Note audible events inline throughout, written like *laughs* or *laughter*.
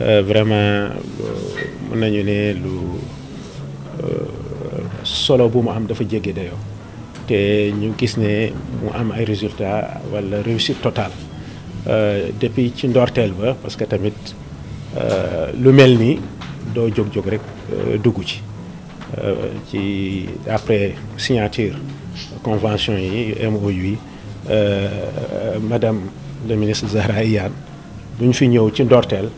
Euh, vraiment euh, mën nañu ne lu euh, solo bu mu am dafa jéggi dayoo te ñu gis ne mu am ay résultat wala réussite totale depuis ci ndorteel ba parce que tamit lu mel ni doo jóg-jóg rek dugg ci ci après signature convention yi MOU yi euh, madame le ministre Zahra Iyane bu ñu fi ñëw ci ndorteel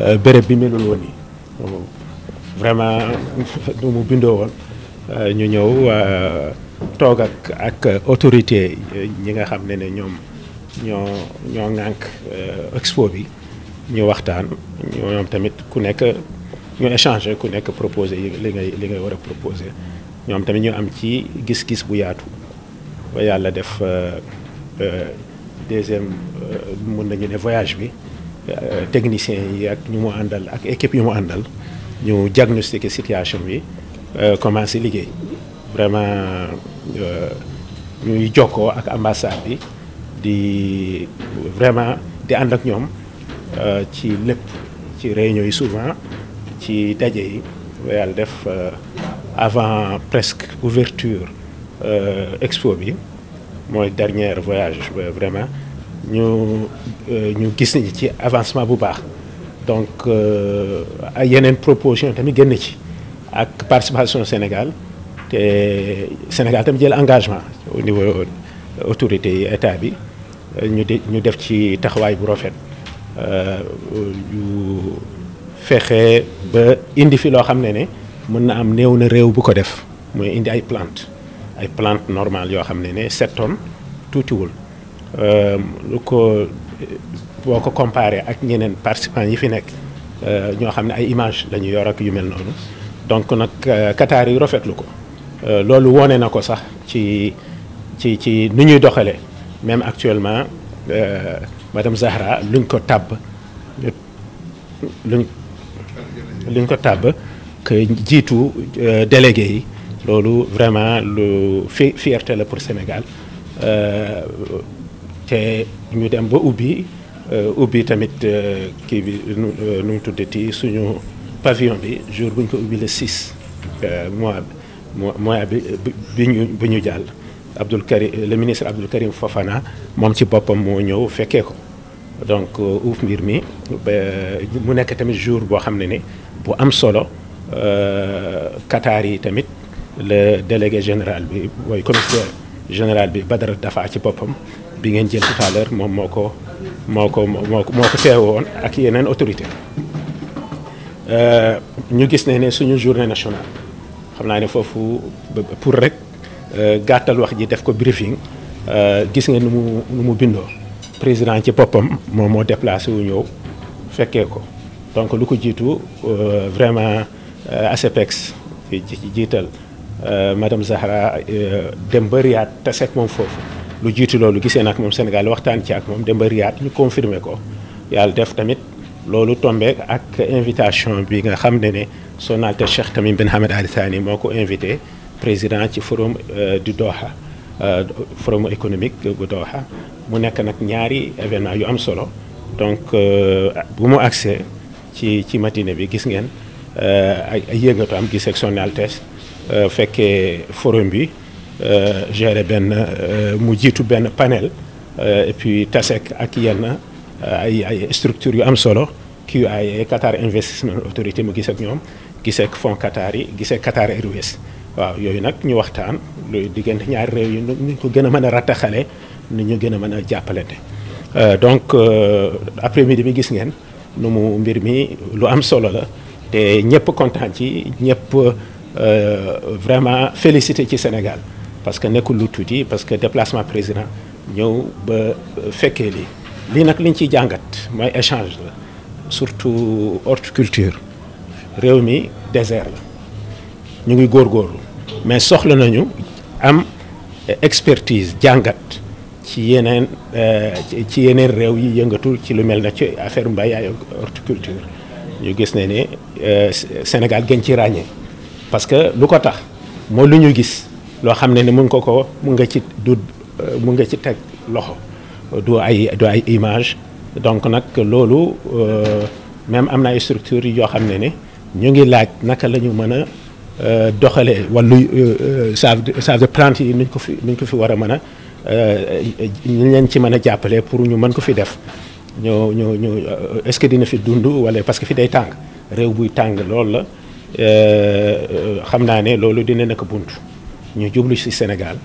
euh, béréb bi melul woon yi vraiment *laughs* mu bindoo woon euh, ñu ñëw toog ak ak autorité ñi nga xam ne ne ñoom ñoo ñoo ŋànk expo bi ñu waxtaan ñoom tamit ku nekk ñu échanger ku nekk proposé li ngay li ngay war a proposé ñoom tamit ñu am ci gis-gis bu yaatu ba yàlla def euh, euh, deuxième euh, mën nañu ne voyage bi technicien yi ak ñu mu àndal ak équipe yu mu àndal ñu diagnostiqué situation bi commencé liggéey vraiment ñuy jokkoo ak ambassade bi di vraiment di ànd ak ñoom ci lépp ci réunion yi souvent ci daje yi ba yàlla def avant presque ouverture euh, expo bi mooy dernier voyage euh, vraiment ñu euh, ñu gis nañu ci avancement bu baax donc ay yeneen proposition tamit génn ci ak participation Sénégal te Sénégal tamit jël engagement au niveau autorité yi état bi ñu di ñu def ci taxawaay bu rafet yu fexe ba indi fi loo xam ne ne mën na am néew na réew bu ko def mooy indi ay plante ay plante normale yoo xam ne ne sept tonnes tuutiwul euh, lu ko boo ko comparé ak ñeneen participants yi fi nekk euh, ñoo xam ne ay image la yor ak yu mel noonu donc nag euh, Qatar yi rafetlu ko loolu wone na ko sax ci ci ci nu ñuy doxalee même actuellement madame Zahra luñ ko tàbb luñ luñ ko tàbb jiitu euh, délégué yi loolu vraiment lu fi fierté la pour Sénégal euh, te ñu dem ba ubbi euh, ubbi tamit kii bi nu mu ti suñu pavillon bi jour buñ ko ubbi le 6 mois mois bi bi ñu bi ñu jàll Abdoul Karim le ministre Abdoul Karim Fofana moom ci boppam moo ñëw fekkee ko donc uuf ngir mi mu nekk tamit jour boo xam ne ne bu am solo. Euh, Qatar yi tamit le délégué général bi mooy commissaire général bi Badara Dafa ci boppam bi ngeen jël tout à moom moo ko moo ko moo ko moo ko teewoon ak yeneen autorité euh, ñu gis ne ne suñu journée national xam naa ne foofu pour rek euh, gàttal wax ji def ko briefing gis nga nu mu nu mu bindoo président ci boppam moom moo déplacé wu ñëw fekkee ko donc lu ko jiitu vraiment Euh, ASEPEX fi jiital euh, madame Zahra euh, dem ba Riyad taseeg moom foofu lu jiitu loolu gisee nag moom Sénégal waxtaan ci ak moom dem ba Riyad ñu confirmer ko yàlla def tamit loolu tombe ak invitation bi nga xam ne ne Sonatel Cheikh Tamim Ben Hamed Al Thani moo ko invité président ci forum du Doha forum économique bu Doha mu nekk nag ñaari événement yu am solo donc bu mu accès ci ci matinée bi gis ngeen Euh, ay yëngatu am ci section Nialtès euh, fekkee forum bi euh, géré benn mu jiitu benn panel et puis tasek ak yenn ay ay structures yu am solo QIA e, Qatar Investment Authority mu gis ak ñoom giseek ak fonds Qatar yi gisee Qatar Airways waaw yooyu nag ñu waxtaan luy diggante ñaari réew yi ñu ko gën a mën a rattaxale ni ñu gën a mën a jàppalante donc après midi bi gis ngeen nu mu mbir mi lu am solo la te ñëpp kontaan ci ñëpp euh, vraiment félicité ci Sénégal parce que nekkul lu tuuti parce que déplacement président ñëw ba euh, fekkee li lii nag liñ ciy jàngat mooy échange la surtout horticulture réew mi désert la ñu ngi góorgóorlu mais soxla nañu am expertise jàngat ci yeneen euh, ci yeneen réew yi yëngatu ci lu mel na ci affaire mbay ay horticulture ñu gis ne ne euh, Sénégal gën ci ràññee parce que lu ko tax moo lu ñu gis loo xam ne ne mun ko ko mun nga ci du euh, mun nga ci teg loxo du ay du ay image donc nag loolu euh, même am na ay structures yoo xam ne ne ñu ngi laaj naka la ñu mën a doxalee wàllu save de plante yi nuñ ko fi nuñ ko fi war a mën a ñu leen ci mën a jàppale pour ñu mën ko fi def ñoo ñoo ñoo euh, est-ce que dina fi dund wala parce que fi day tàng réew buy tàng loolu la euh, xam naa ne loolu dina nekk bunt ñu jublu ci Sénégal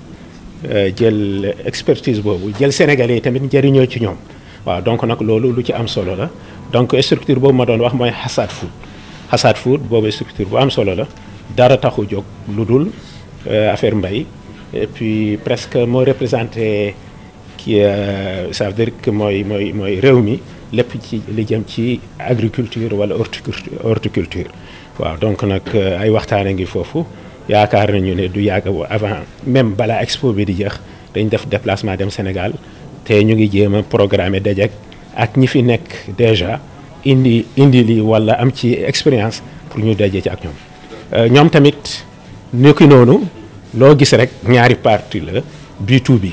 euh, jël expertise boobu jël sénégal yi tamit njëriñoo ci ñoom waaw donc nag loolu lu ci am solo la donc structure boobu ma doon wax mooy Hassad Food Hassad Food boobu structure bu am solo la dara taxu jóg lu dul affaire mbay et presque moo représenté. qui euh, ça veut mooy mooy réew mi lépp ci li jëm ci agriculture wala horticulture horticulture waaw donc nag euh, ay waxtaan a ngi foofu yaakaar nañu ne du yàgg avant même balaa expo bi di jeex dañ def déplacement dem Sénégal te ñu ngi jéem a programmer dajek ak ñi fi nekk déjà indi indi li wala am ci expérience pour ñu daje ci ak ñoom euh, ñoom tamit nekki noonu loo gis rek ñaari parti la B2B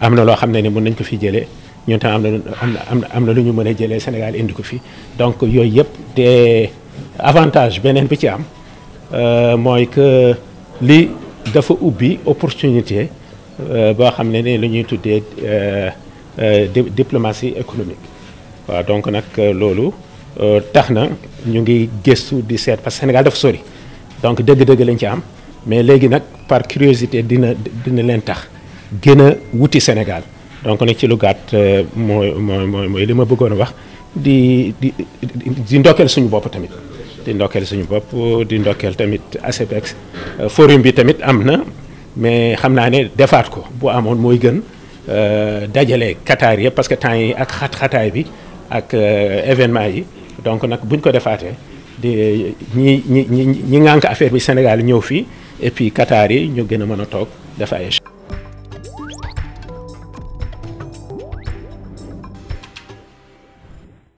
am na loo xam ne ni mun nañ ko fi jëlee ñun tam am na am na am na lu ñu mën a jëlee Sénégal indi ko fi donc yooyu yëpp te avantage beneen bi ci am euh, mooy que li dafa ubbi opportunité euh, boo xam ne ni lu ñuy tuddee euh, diplomatie économique waaw donc nag loolu tax na ñu ngi gëstu di seet parce que Sénégal dafa sori donc dégg dëgg lañ ci am mais léegi nag par curiosité dina dina leen tax gën a wuti Sénégal donc nag ci lu gàtt euh, mooy mooy mooy li ma bëggoon a wax di di di ndokkeel suñu bopp tamit di ndokkeel suñu bopp di ndokkeel tamit ACPEX euh, forum bi tamit am na mais xam naa ne defaat ko bu amoon mooy gën euh, dajale Qatar yëpp parce que temps yi ak xat-xataay bi ak événement yi donc nag buñ ko defaatee di ñi ñi ñi ñi ŋànk affaire bi Sénégal ñëw fii et puis Qatar yi ñu gën a mën a toog def ay